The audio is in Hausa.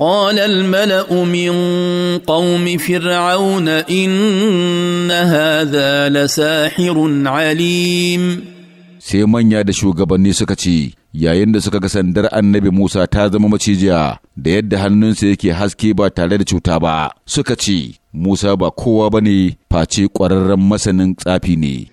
قال الملا من قوم فرعون ان هذا لساحر عليم sai manya da shugabanni suka ce yayin da suka ga sandar annabi Musa ta zama macijiya da yadda hannunsa yake haske ba tare da cuta ba suka ce Musa ba kowa bane face ƙwararren masanin tsafi ne